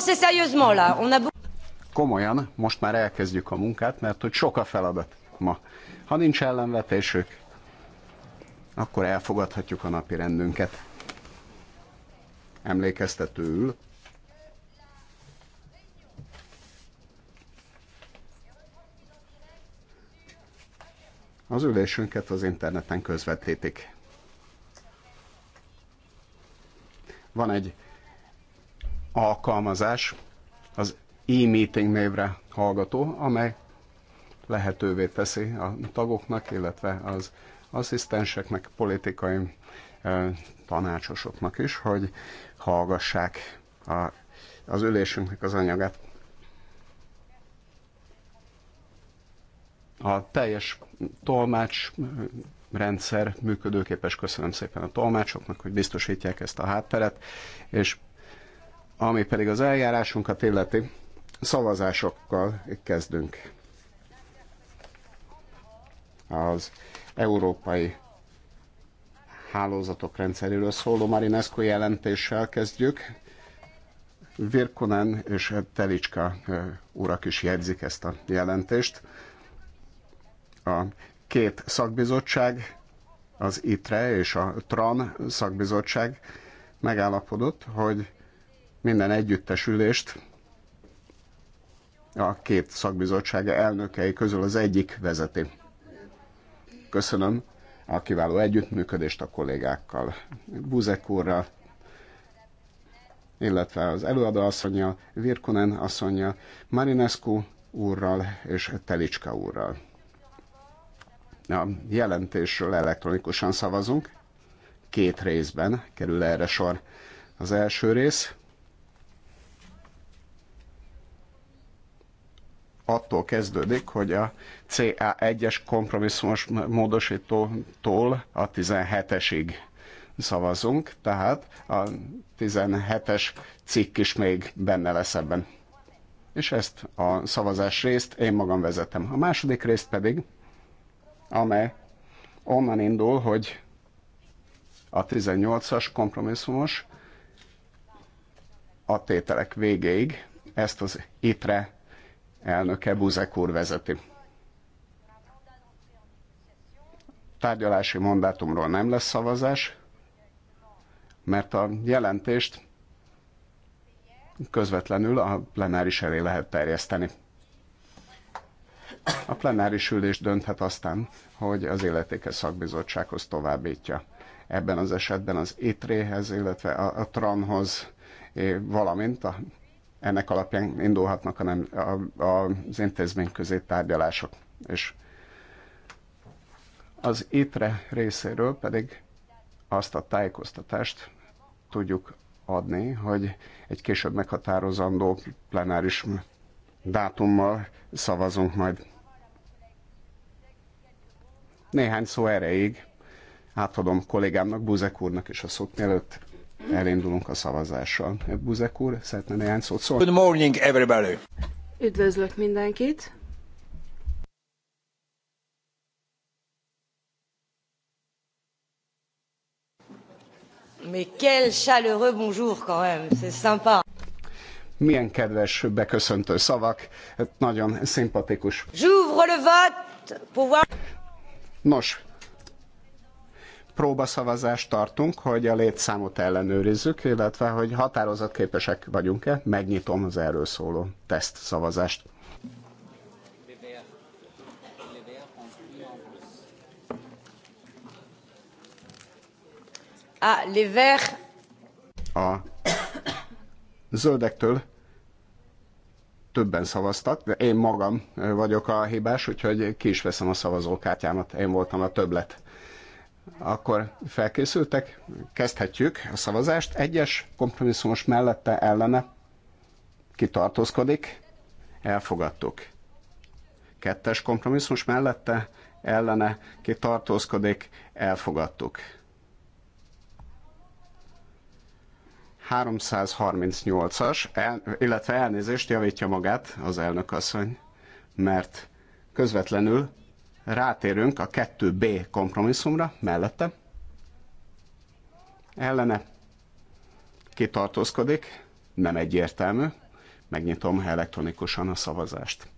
commencer sérieusement là. On a Komolyan, most már elkezdjük a munkát, mert hogy sok a feladat ma. Ha nincs ellenvetésük, akkor elfogadhatjuk a napi rendünket. Emlékeztetőül. Az ülésünket az interneten közvetítik. Van egy alkalmazás az e-meeting névre hallgató, amely lehetővé teszi a tagoknak, illetve az asszisztenseknek, politikai tanácsosoknak is, hogy hallgassák a, az ülésünknek az anyagát. A teljes tolmács rendszer működőképes. Köszönöm szépen a tolmácsoknak, hogy biztosítják ezt a hátteret, és ami pedig az eljárásunkat illeti, szavazásokkal kezdünk. Az európai hálózatok rendszeréről szóló Marinescu jelentéssel kezdjük. Virkonen és Telicska urak is jegyzik ezt a jelentést. A két szakbizottság, az ITRE és a TRAN szakbizottság megállapodott, hogy minden együttesülést a két szakbizottság elnökei közül az egyik vezeti. Köszönöm a kiváló együttműködést a kollégákkal, Buzek úrral, illetve az előadó asszonya, Virkonen asszonya, Marinescu úrral és Telicska úrral. A jelentésről elektronikusan szavazunk, két részben kerül erre sor. Az első rész attól kezdődik, hogy a CA1-es kompromisszumos módosítótól a 17-esig szavazunk, tehát a 17-es cikk is még benne lesz ebben. És ezt a szavazás részt én magam vezetem. A második részt pedig, amely onnan indul, hogy a 18-as kompromisszumos a tételek végéig ezt az ITRE elnöke Buzek úr vezeti. Tárgyalási mandátumról nem lesz szavazás, mert a jelentést közvetlenül a plenáris elé lehet terjeszteni. A plenáris ülés dönthet aztán, hogy az illetékes szakbizottsághoz továbbítja. Ebben az esetben az étréhez, illetve a, a tranhoz, eh, valamint a ennek alapján indulhatnak a nem, a, a, az közé tárgyalások. És az étre részéről pedig azt a tájékoztatást tudjuk adni, hogy egy később meghatározandó plenáris dátummal szavazunk majd. Néhány szó erejéig átadom kollégámnak, Buzek úrnak is a szót, mielőtt elindulunk a szavazással. Buzek úr, szeretne néhány szót szólni? Good morning, everybody! Üdvözlök mindenkit! Mais quel chaleureux bonjour quand même, c'est sympa. Milyen kedves beköszöntő szavak, nagyon szimpatikus. J'ouvre le vote pour voir... Nos, próbaszavazást tartunk, hogy a létszámot ellenőrizzük, illetve hogy határozatképesek vagyunk-e. Megnyitom az erről szóló teszt szavazást. A ah, les verts. A zöldektől többen szavaztak, de én magam vagyok a hibás, úgyhogy ki is veszem a szavazókártyámat. Én voltam a többlet. Akkor felkészültek, kezdhetjük a szavazást. Egyes kompromisszumos mellette ellene kitartózkodik, elfogadtuk. Kettes kompromisszumos mellette ellene kitartózkodik, elfogadtuk. 338-as, el, illetve elnézést javítja magát az elnökasszony, mert közvetlenül Rátérünk a 2B kompromisszumra mellette. Ellene kitartózkodik, nem egyértelmű. Megnyitom elektronikusan a szavazást.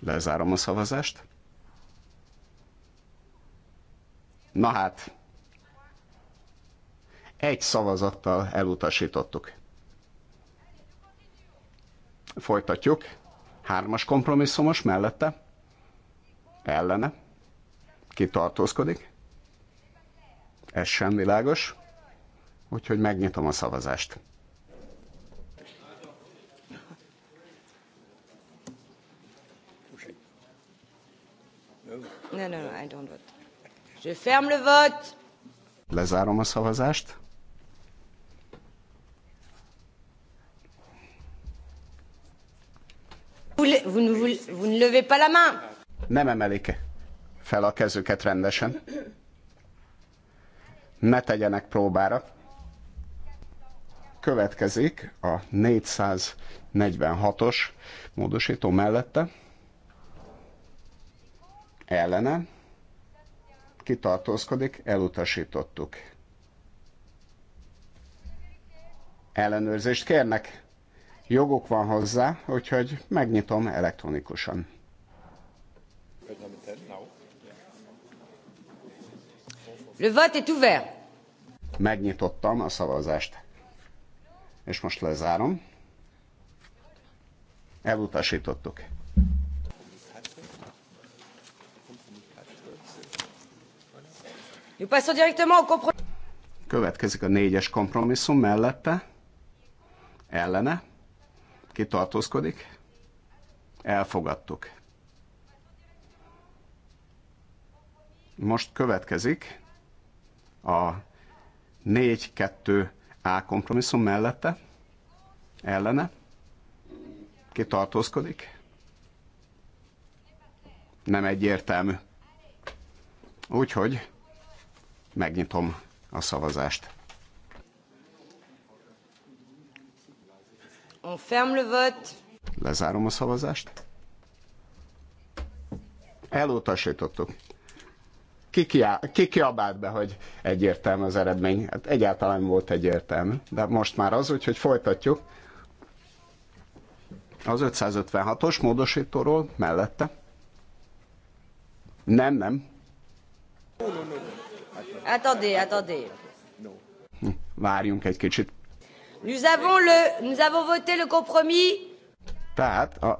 Lezárom a szavazást. Na hát, egy szavazattal elutasítottuk. Folytatjuk. Hármas kompromisszumos mellette. Ellene. Ki tartózkodik? Ez sem világos. Úgyhogy megnyitom a szavazást. No, no, no, I don't vote. Je ferme le vote. Lezárom a szavazást. vous ne, vous ne levez pas la main. Nem emelik fel a kezüket rendesen. Ne tegyenek próbára. Következik a 446-os módosító mellette. Ellene. Kitartózkodik, elutasítottuk. Ellenőrzést kérnek Jogok van hozzá, úgyhogy megnyitom elektronikusan. Le vote est ouvert. Megnyitottam a szavazást. És most lezárom. Elutasítottuk. Következik a négyes kompromisszum mellette. Ellene. Ki tartózkodik? Elfogadtuk. Most következik a 4-2-A kompromisszum mellette, ellene, ki tartózkodik. Nem egyértelmű. Úgyhogy megnyitom a szavazást. ferme le vote. Lezárom a szavazást. Elutasítottuk. Ki, kiabált be, hogy egyértelmű az eredmény? Hát egyáltalán volt egyértelmű, de most már az, úgyhogy folytatjuk. Az 556-os módosítóról mellette. Nem, nem. hát attendez. Hm, várjunk egy kicsit. Nous avons, le, nous avons voté le compromis. Tehát a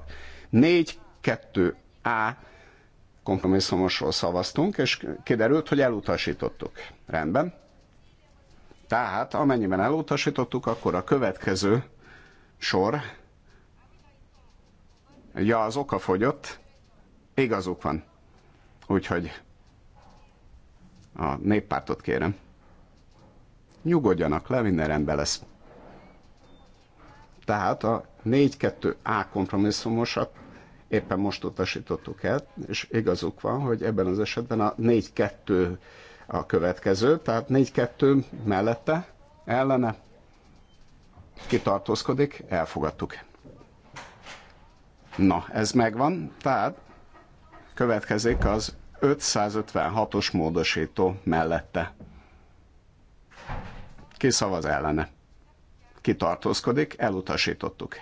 4-2A kompromisszumosról szavaztunk, és kiderült, hogy elutasítottuk. Rendben. Tehát amennyiben elutasítottuk, akkor a következő sor, ja, az oka fogyott, igazuk van. Úgyhogy a néppártot kérem. Nyugodjanak le, minden rendben lesz. Tehát a 4-2A kompromisszumosat éppen most utasítottuk el, és igazuk van, hogy ebben az esetben a 4-2 a következő, tehát 4-2 mellette, ellene, kitartózkodik, elfogadtuk. Na, ez megvan, tehát következik az 556-os módosító mellette. Ki szavaz ellene? tartózkodik, elutasítottuk.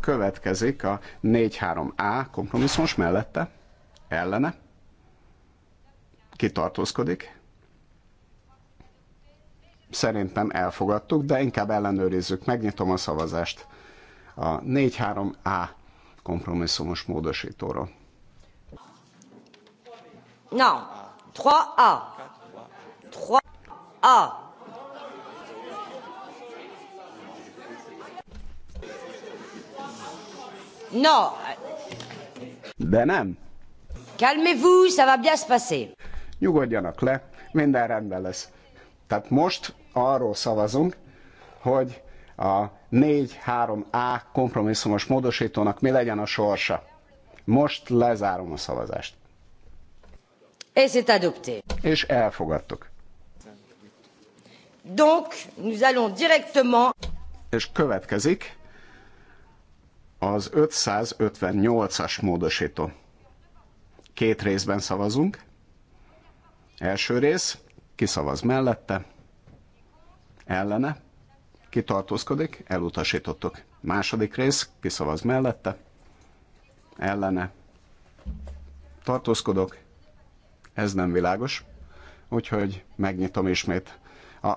Következik a 4-3A kompromisszumos mellette, ellene, kitartózkodik. Szerintem elfogadtuk, de inkább ellenőrizzük. Megnyitom a szavazást a 4-3A kompromisszumos módosítóról. Non. 3A. 3A. Non. De nem. Calmez-vous, ça va bien se passer. Nyugodjanak le, minden rendben lesz. Tehát most arról szavazunk, hogy a 4-3A kompromisszumos módosítónak mi legyen a sorsa. Most lezárom a szavazást adopté. És elfogadtuk. Donc, nous allons directement... És következik az 558-as módosító. Két részben szavazunk. Első rész, kiszavaz mellette, ellene, tartózkodik, elutasítottuk. Második rész, ki szavaz mellette, ellene, tartózkodok, ez nem világos, úgyhogy megnyitom ismét a,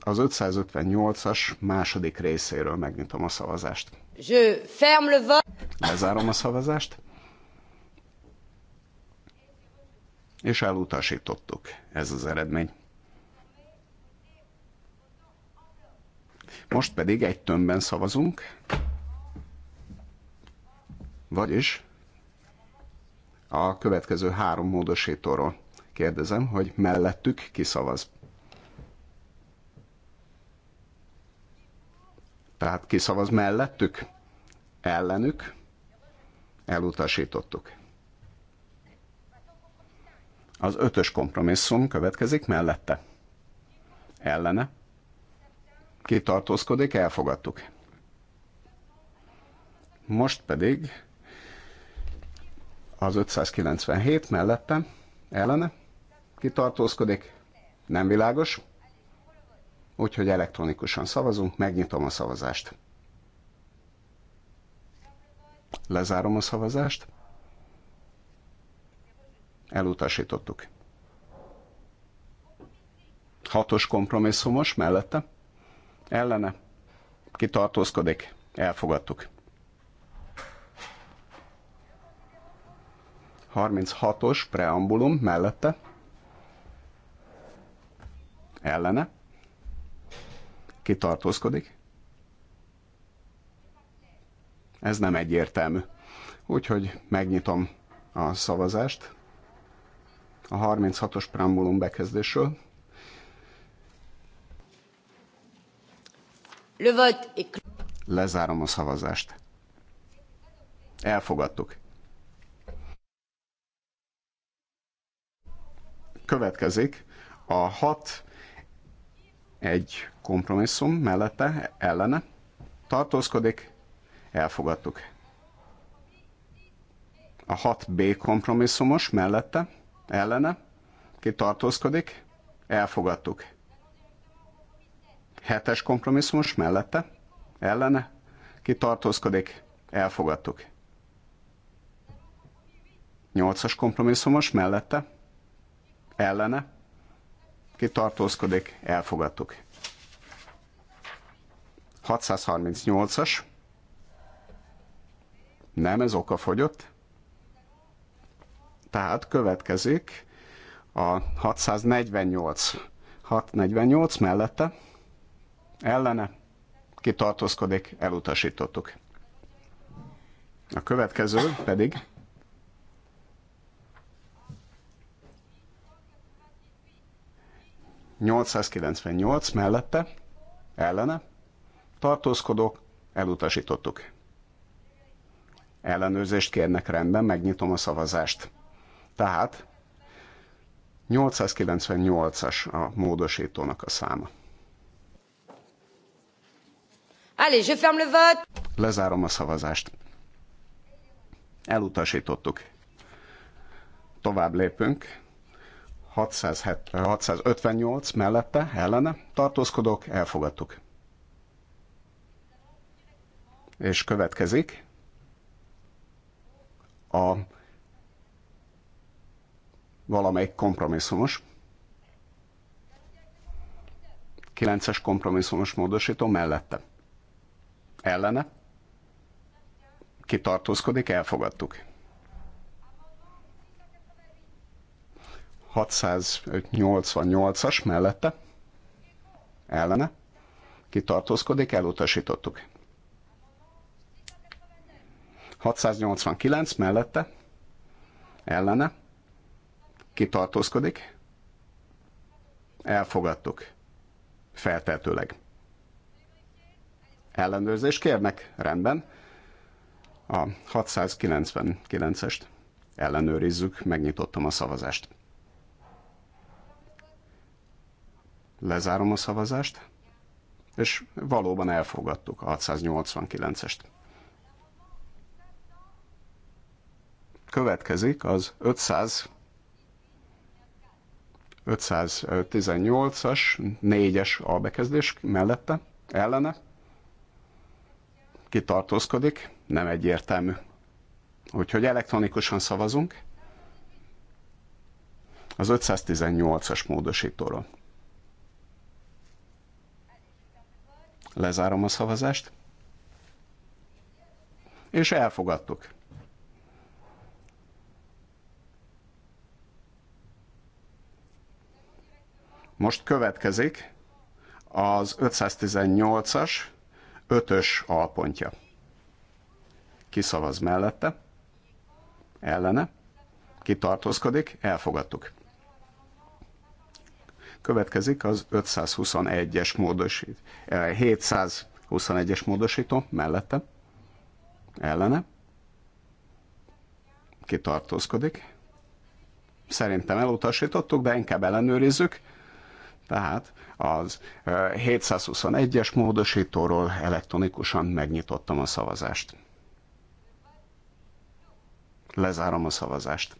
az 558-as második részéről megnyitom a szavazást. Je ferme le Lezárom a szavazást. És elutasítottuk. Ez az eredmény. Most pedig egy tömbben szavazunk, vagyis a következő három módosítóról. Kérdezem, hogy mellettük kiszavaz. Tehát kiszavaz mellettük, ellenük, elutasítottuk. Az ötös kompromisszum következik mellette. Ellene. Kitartózkodik, elfogadtuk. Most pedig az 597 mellette, ellene, kitartózkodik, nem világos, úgyhogy elektronikusan szavazunk, megnyitom a szavazást. Lezárom a szavazást. Elutasítottuk. Hatos kompromisszumos mellette. Ellene. Kitartózkodik. Elfogadtuk. 36-os preambulum mellette, ellene, kitartózkodik. Ez nem egyértelmű. Úgyhogy megnyitom a szavazást a 36-os preambulum bekezdésről. Lezárom a szavazást. Elfogadtuk. Következik a 6 egy kompromisszum mellette, ellene tartózkodik, elfogadtuk. A 6B kompromisszumos mellette, ellene, ki tartózkodik, elfogadtuk. 7-es kompromisszumos mellette, ellene, ki tartózkodik, elfogadtuk. 8-as kompromisszumos mellette, ellene, ki tartózkodik, elfogadtuk. 638-as, nem ez oka fogyott, tehát következik a 648. 648 mellette, ellene, ki tartózkodik, elutasítottuk. A következő pedig 898 mellette, ellene, tartózkodok, elutasítottuk. Ellenőrzést kérnek rendben, megnyitom a szavazást. Tehát 898-as a módosítónak a száma. Allez, je ferme le vote. Lezárom a szavazást. Elutasítottuk. Tovább lépünk. 658 mellette, ellene tartózkodok, elfogadtuk. És következik a valamelyik kompromisszumos. 9-es kompromisszumos módosító mellette. Ellene? Kitartózkodik, elfogadtuk. 688-as mellette ellene kitartózkodik, elutasítottuk. 689 mellette ellene kitartózkodik, elfogadtuk, feltehetőleg. Ellenőrzést kérnek? Rendben. A 699-est ellenőrizzük, megnyitottam a szavazást. Lezárom a szavazást, és valóban elfogadtuk a 689-est. Következik az 500 518-as, 4-es bekezdés mellette, ellene. Kitartózkodik, nem egyértelmű. Úgyhogy elektronikusan szavazunk az 518-as módosítóról. Lezárom a szavazást. És elfogadtuk. Most következik az 518-as 5-ös alpontja. Kiszavaz mellette, ellene, kitartózkodik, elfogadtuk. Következik az 521-es módosít, 721-es eh, módosító mellette, ellene, kitartózkodik. Szerintem elutasítottuk, de inkább ellenőrizzük. Tehát az 721-es eh, módosítóról elektronikusan megnyitottam a szavazást. Lezárom a szavazást.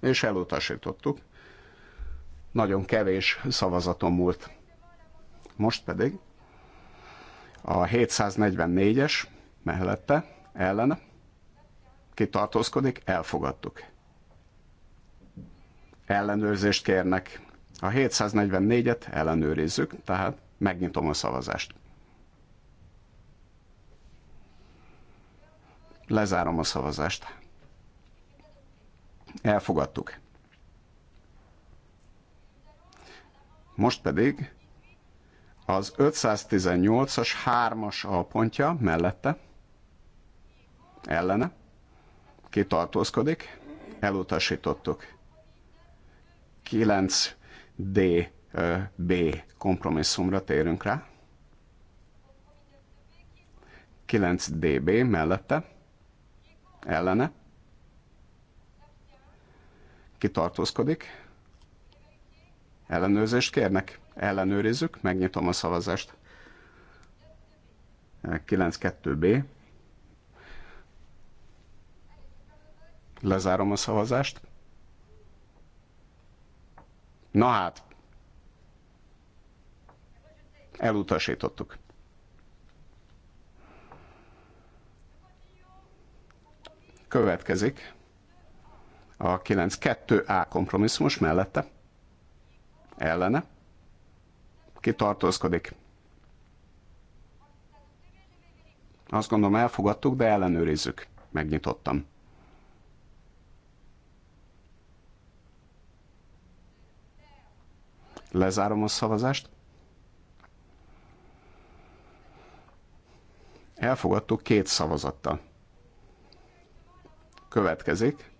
És elutasítottuk nagyon kevés szavazaton múlt. Most pedig a 744-es mellette, ellene, ki elfogadtuk. Ellenőrzést kérnek. A 744-et ellenőrizzük, tehát megnyitom a szavazást. Lezárom a szavazást. Elfogadtuk. Most pedig az 518-as 3-as alpontja mellette, ellene, kitartózkodik, elutasítottuk. 9DB kompromisszumra térünk rá. 9DB mellette, ellene, kitartózkodik, Ellenőrzést kérnek? Ellenőrizzük, megnyitom a szavazást. 92B. Eh, Lezárom a szavazást. Na hát, elutasítottuk. Következik a 92A kompromisszumos mellette ellene, ki tartózkodik. Azt gondolom elfogadtuk, de ellenőrizzük. Megnyitottam. Lezárom a szavazást. Elfogadtuk két szavazattal. Következik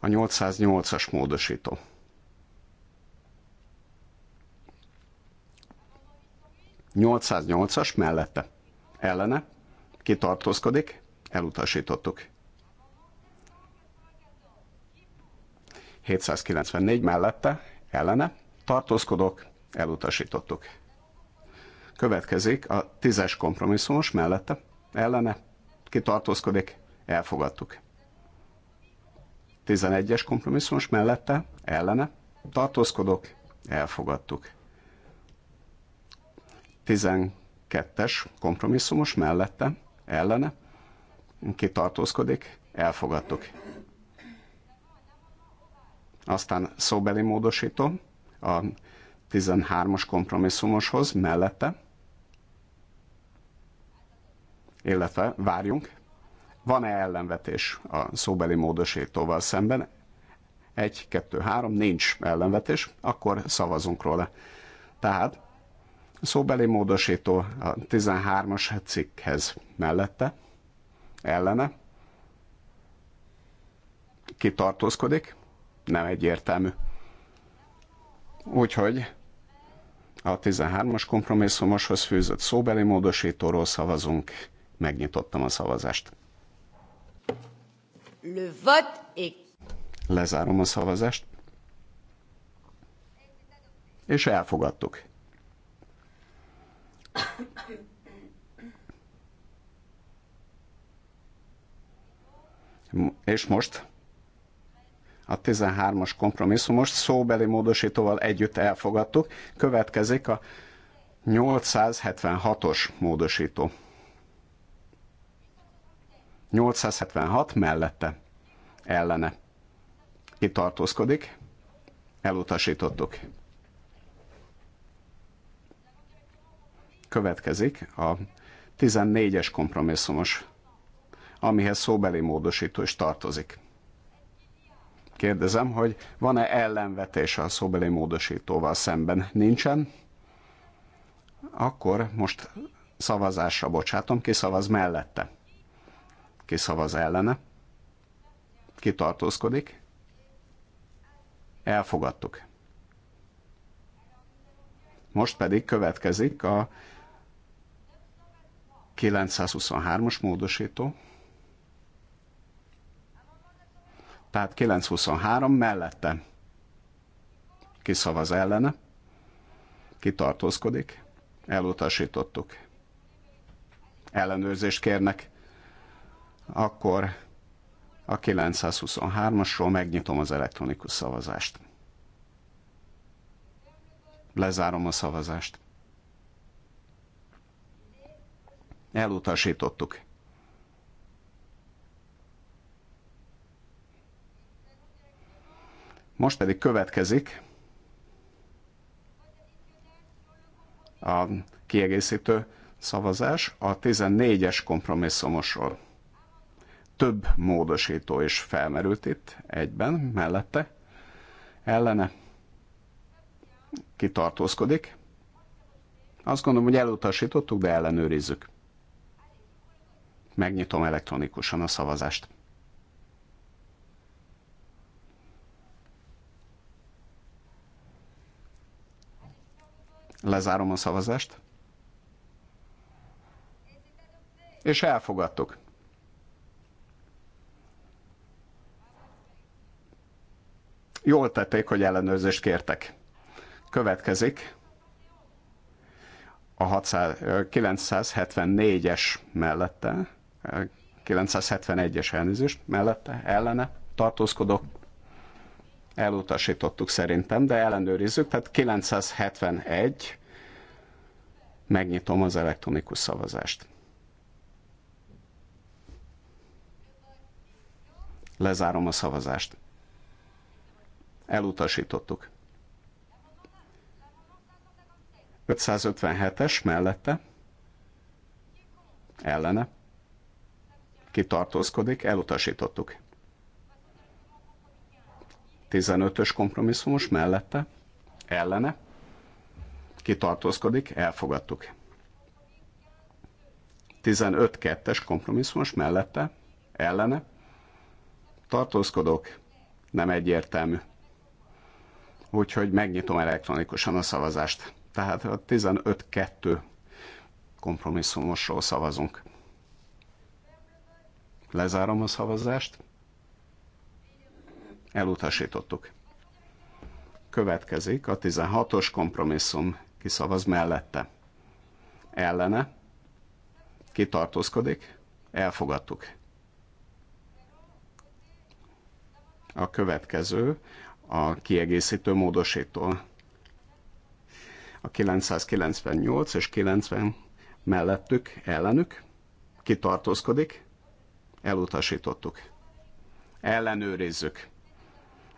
a 808-as módosító. 808-as mellette. Ellene. Kitartózkodik. Elutasítottuk. 794 mellette. Ellene. Tartózkodok. Elutasítottuk. Következik a 10-es kompromisszumos mellette. Ellene. Kitartózkodik. Elfogadtuk. 11-es kompromisszumos mellette. Ellene. Tartózkodok. Elfogadtuk. 12-es kompromisszumos mellette, ellene, kitartózkodik, elfogadtuk. Aztán szóbeli módosító a 13-as kompromisszumoshoz mellette, illetve várjunk, van-e ellenvetés a szóbeli módosítóval szemben? 1, 2, 3, nincs ellenvetés, akkor szavazunk róla. Tehát Szóbeli módosító a 13-as cikkhez mellette, ellene, kitartózkodik, nem egyértelmű. Úgyhogy a 13-as kompromisszumoshoz fűzött szóbeli módosítóról szavazunk. Megnyitottam a szavazást. Le vote est... Lezárom a szavazást. És elfogadtuk. És most a 13-as kompromisszumos szóbeli módosítóval együtt elfogadtuk. Következik a 876-os módosító. 876 mellette, ellene. Itt elutasítottuk. Következik a 14-es kompromisszumos, amihez szóbeli módosító is tartozik. Kérdezem, hogy van-e ellenvetés a szóbeli módosítóval szemben? Nincsen? Akkor most szavazásra bocsátom, ki szavaz mellette? Ki szavaz ellene? Ki tartózkodik? Elfogadtuk. Most pedig következik a 923-as módosító. Tehát 923 mellette kiszavaz ellene, kitartózkodik, elutasítottuk. Ellenőrzést kérnek, akkor a 923-asról megnyitom az elektronikus szavazást. Lezárom a szavazást. Elutasítottuk. Most pedig következik a kiegészítő szavazás a 14-es kompromisszumosról. Több módosító is felmerült itt egyben, mellette, ellene kitartózkodik. Azt gondolom, hogy elutasítottuk, de ellenőrizzük. Megnyitom elektronikusan a szavazást. Lezárom a szavazást. És elfogadtuk. Jól tették, hogy ellenőrzést kértek. Következik a 974-es mellette 971-es elnézést mellette, ellene tartózkodok. Elutasítottuk szerintem, de ellenőrizzük. Tehát 971, megnyitom az elektronikus szavazást. Lezárom a szavazást. Elutasítottuk. 557-es mellette. Ellene ki tartózkodik, elutasítottuk. 15-ös kompromisszumos mellette, ellene, ki tartózkodik, elfogadtuk. 15-2-es kompromisszumos mellette, ellene, tartózkodok, nem egyértelmű. Úgyhogy megnyitom elektronikusan a szavazást. Tehát a 15-2 kompromisszumosról szavazunk. Lezárom a szavazást. Elutasítottuk. Következik a 16-os kompromisszum. Kiszavaz mellette. Ellene. Kitartózkodik. Elfogadtuk. A következő a kiegészítő módosító. A 998 és 90 mellettük, ellenük kitartózkodik, elutasítottuk. Ellenőrizzük.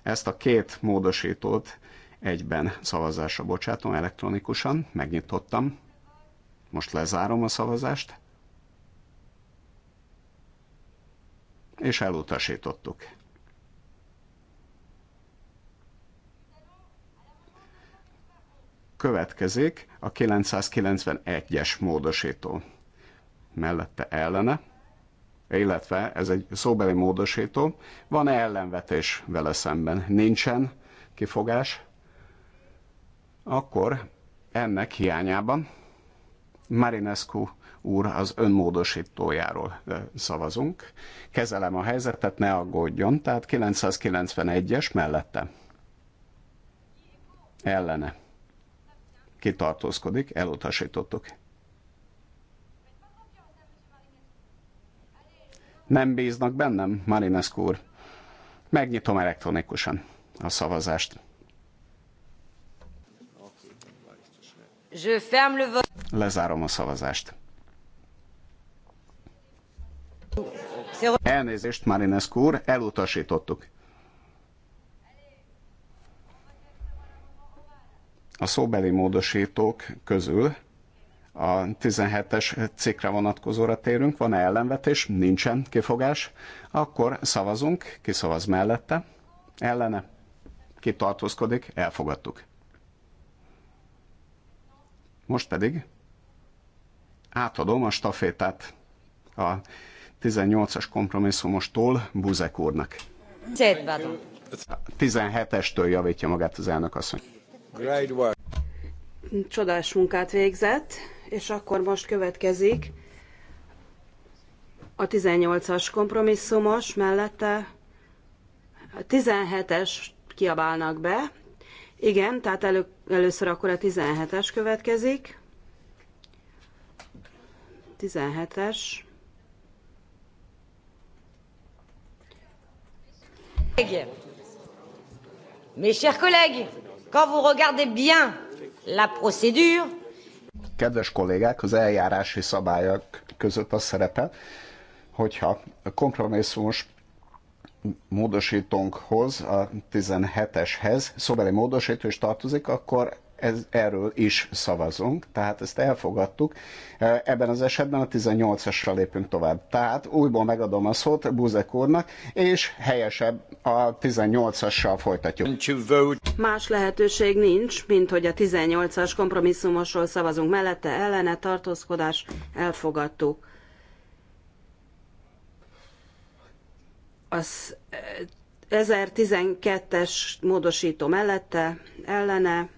Ezt a két módosítót egyben szavazásra bocsátom elektronikusan, megnyitottam. Most lezárom a szavazást. És elutasítottuk. Következik a 991-es módosító. Mellette ellene illetve ez egy szóbeli módosító, van-e ellenvetés vele szemben? Nincsen kifogás? Akkor ennek hiányában Marinescu úr az önmódosítójáról szavazunk. Kezelem a helyzetet, ne aggódjon. Tehát 991-es mellette. Ellene. Kitartózkodik, elutasítottuk. Nem bíznak bennem, Marinescu úr? Megnyitom elektronikusan a szavazást. Lezárom a szavazást. Elnézést, Marinescu úr, elutasítottuk. A szóbeli módosítók közül a 17-es cikkre vonatkozóra térünk, van-e ellenvetés, nincsen kifogás, akkor szavazunk, ki szavaz mellette, ellene, ki tartózkodik, elfogadtuk. Most pedig átadom a stafétát a 18-as kompromisszumostól Buzek úrnak. 17-estől javítja magát az elnök asszony. Csodás munkát végzett és akkor most következik a 18-as kompromisszumos mellette, a 17-es kiabálnak be. Igen, tehát elő, először akkor a 17-es következik. 17-es. Mes chers collègues, quand vous regardez bien la procédure, kedves kollégák, az eljárási szabályok között az szerepe, hogyha a kompromisszumos módosítónkhoz, a 17-eshez szóbeli módosító is tartozik, akkor ez, erről is szavazunk, tehát ezt elfogadtuk. E, ebben az esetben a 18-asra lépünk tovább. Tehát újból megadom a szót Buzek úrnak, és helyesebb a 18-assal folytatjuk. Más lehetőség nincs, mint hogy a 18-as kompromisszumosról szavazunk mellette, ellene tartózkodás elfogadtuk. Az 1012-es e, módosító mellette, ellene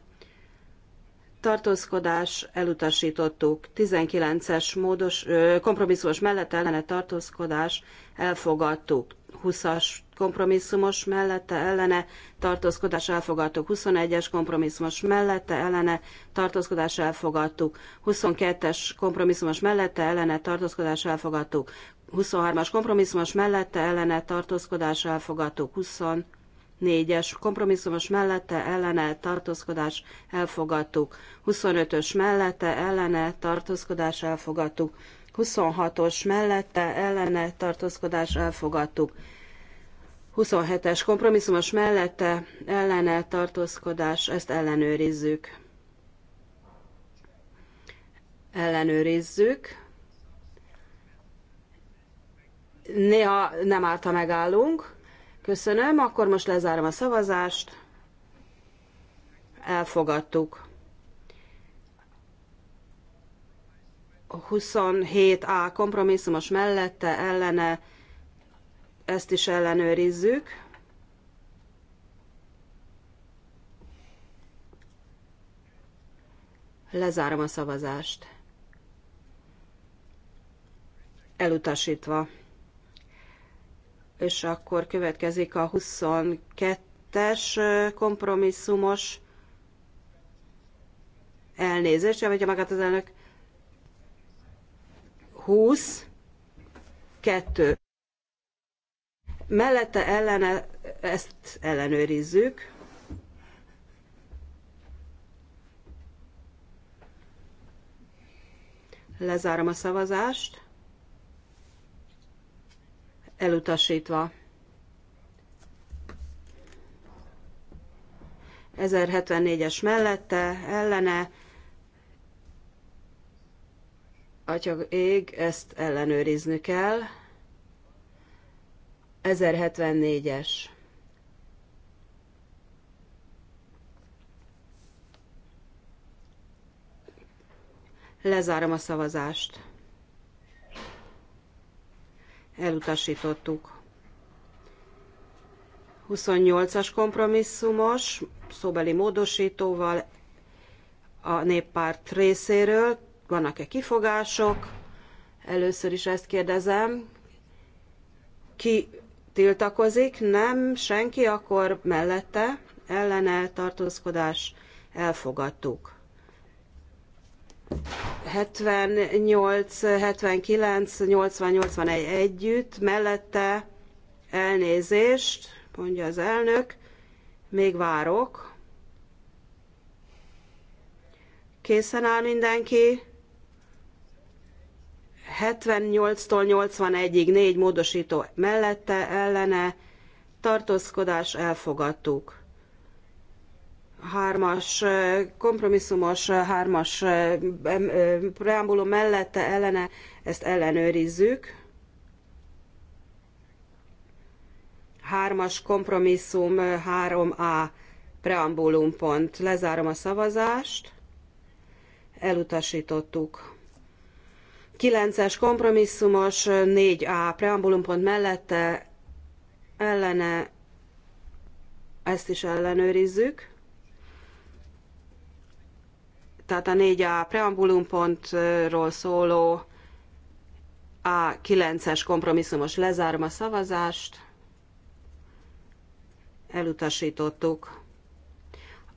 tartózkodás elutasítottuk. 19-es módos, kompromisszumos mellett ellene tartózkodás elfogadtuk. 20-as kompromisszumos mellette ellene tartózkodás elfogadtuk. 21-es kompromisszumos mellette ellene tartózkodás elfogadtuk. 22-es kompromisszumos mellette ellene tartózkodás elfogadtuk. 23-as kompromisszumos mellette ellene tartózkodás elfogadtuk. 20 négyes es kompromisszumos mellette ellene tartózkodás elfogadtuk. 25-ös mellette ellene tartózkodás elfogadtuk. 26-os mellette ellene tartózkodás elfogadtuk. 27-es kompromisszumos mellette ellene tartózkodás, ezt ellenőrizzük. Ellenőrizzük. Néha nem állt, ha megállunk. Köszönöm, akkor most lezárom a szavazást. Elfogadtuk. 27A kompromisszumos mellette, ellene, ezt is ellenőrizzük. Lezárom a szavazást. Elutasítva és akkor következik a 22-es kompromisszumos elnézést, vagy magát az elnök. 20, 2. Mellette ellene ezt ellenőrizzük. Lezárom a szavazást elutasítva. 1074-es mellette, ellene, atya ég, ezt ellenőrizni kell. 1074-es. Lezárom a szavazást elutasítottuk. 28-as kompromisszumos, szóbeli módosítóval a néppárt részéről. Vannak-e kifogások? Először is ezt kérdezem. Ki tiltakozik? Nem, senki, akkor mellette ellene tartózkodás elfogadtuk. 78, 79, 80, 81 együtt, mellette elnézést, mondja az elnök, még várok. Készen áll mindenki? 78-tól 81-ig négy módosító mellette, ellene, tartózkodás elfogadtuk hármas kompromisszumos hármas preambulum mellette ellene, ezt ellenőrizzük. Hármas kompromisszum 3A preambulum pont. Lezárom a szavazást. Elutasítottuk. 9-es kompromisszumos 4A preambulum pont mellette ellene, ezt is ellenőrizzük tehát a 4A preambulumpontról szóló a 9-es kompromisszumos lezárom a szavazást, elutasítottuk.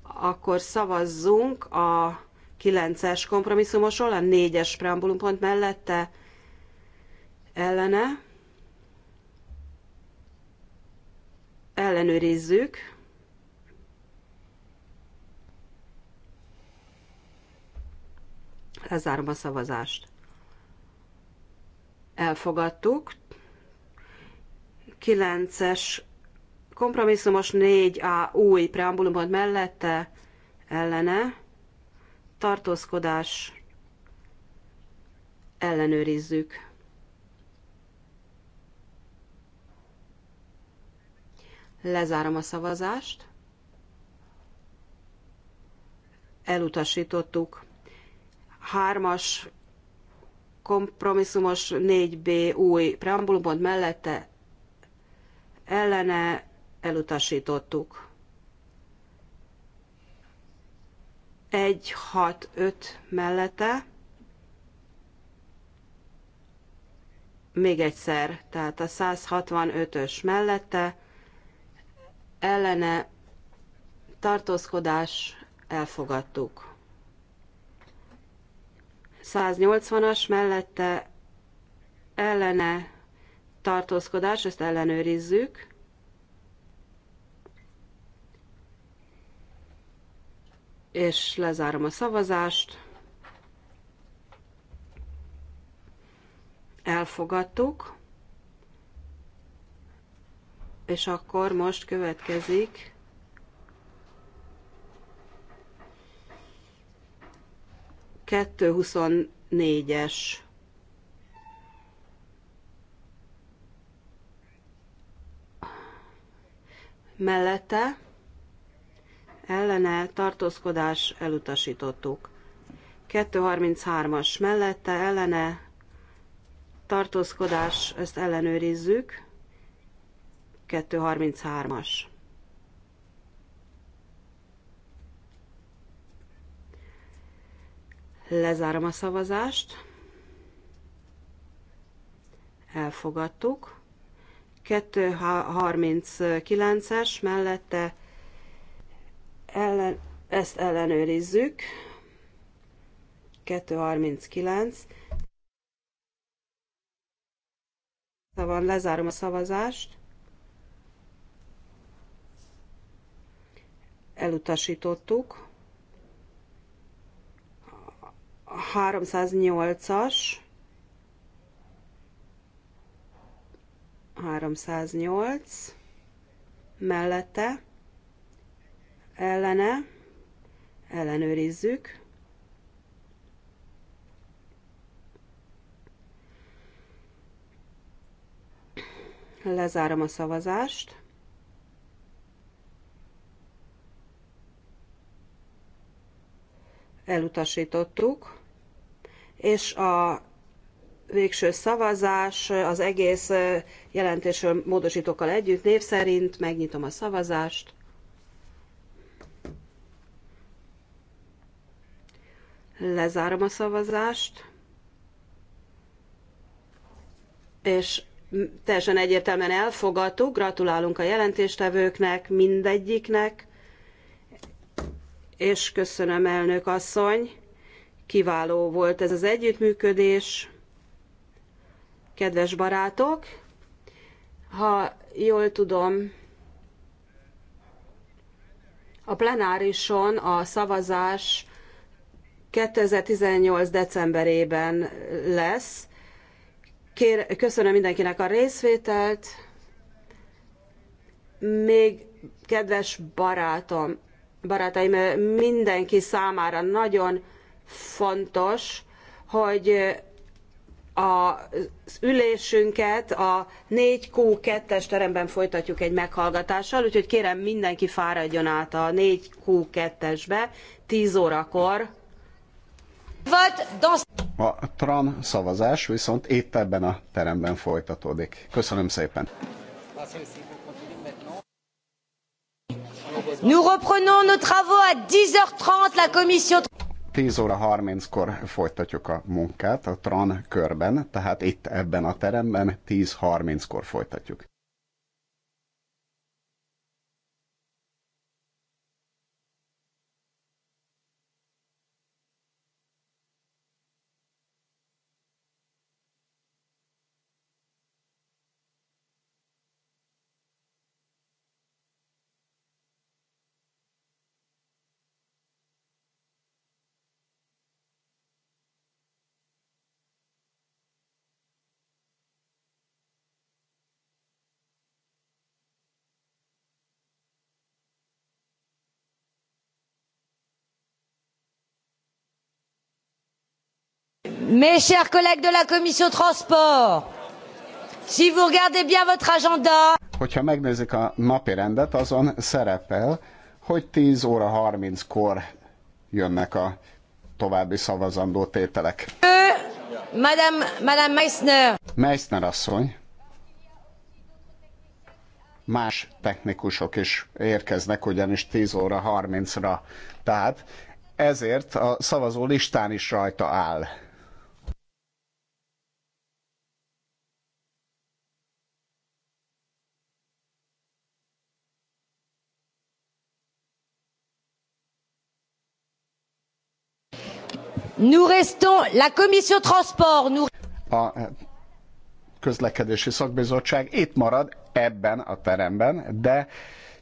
Akkor szavazzunk a 9-es kompromisszumosról, a 4-es preambulumpont mellette ellene. Ellenőrizzük. Lezárom a szavazást. Elfogadtuk. 9-es kompromisszumos 4A új preambulumod mellette ellene tartózkodás ellenőrizzük. Lezárom a szavazást. Elutasítottuk hármas kompromisszumos 4B új preambulumpont mellette ellene elutasítottuk. 165 mellette még egyszer, tehát a 165-ös mellette ellene tartózkodás elfogadtuk. 180-as mellette ellene tartózkodás, ezt ellenőrizzük. És lezárom a szavazást. Elfogadtuk. És akkor most következik 224-es. Mellette ellene tartózkodás elutasítottuk. 233-as mellette ellene tartózkodás, ezt ellenőrizzük. 233-as. Lezárom a szavazást. Elfogadtuk. 239-es mellette ellen, ezt ellenőrizzük. 239. Van, szóval lezárom a szavazást. Elutasítottuk. 308-as, 308 mellette, ellene, ellenőrizzük. Lezárom a szavazást. Elutasítottuk és a végső szavazás az egész jelentésről módosítókkal együtt név szerint megnyitom a szavazást. Lezárom a szavazást. És teljesen egyértelműen elfogadtuk, gratulálunk a jelentéstevőknek, mindegyiknek, és köszönöm elnök asszony Kiváló volt ez az együttműködés. Kedves barátok, ha jól tudom, a plenárison a szavazás 2018. decemberében lesz. Kér, köszönöm mindenkinek a részvételt. Még kedves barátom, barátaim, mindenki számára nagyon fontos, hogy az ülésünket a 4Q2-es teremben folytatjuk egy meghallgatással, úgyhogy kérem mindenki fáradjon át a 4Q2-esbe 10 órakor. A TRAN szavazás viszont épp ebben a teremben folytatódik. Köszönöm szépen! Nous reprenons nos travaux à 10h30, la commission... 10 óra 30-kor folytatjuk a munkát a TRAN körben, tehát itt ebben a teremben 10.30-kor folytatjuk. Mes chers collègues de la commission transport, si vous regardez bien votre agenda... Hogyha megnézik a napi rendet, azon szerepel, hogy 10 óra 30-kor jönnek a további szavazandó tételek. Ő, Madame, Madame Meissner. Meissner asszony. Más technikusok is érkeznek, ugyanis 10 óra 30-ra. Tehát ezért a szavazó listán is rajta áll. Nous restons la commission transport. Nous... A közlekedési szakbizottság itt marad ebben a teremben, de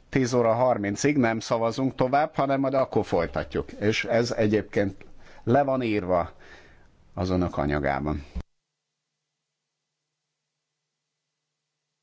10 óra 30-ig nem szavazunk tovább, hanem majd akkor folytatjuk. És ez egyébként le van írva az önök anyagában.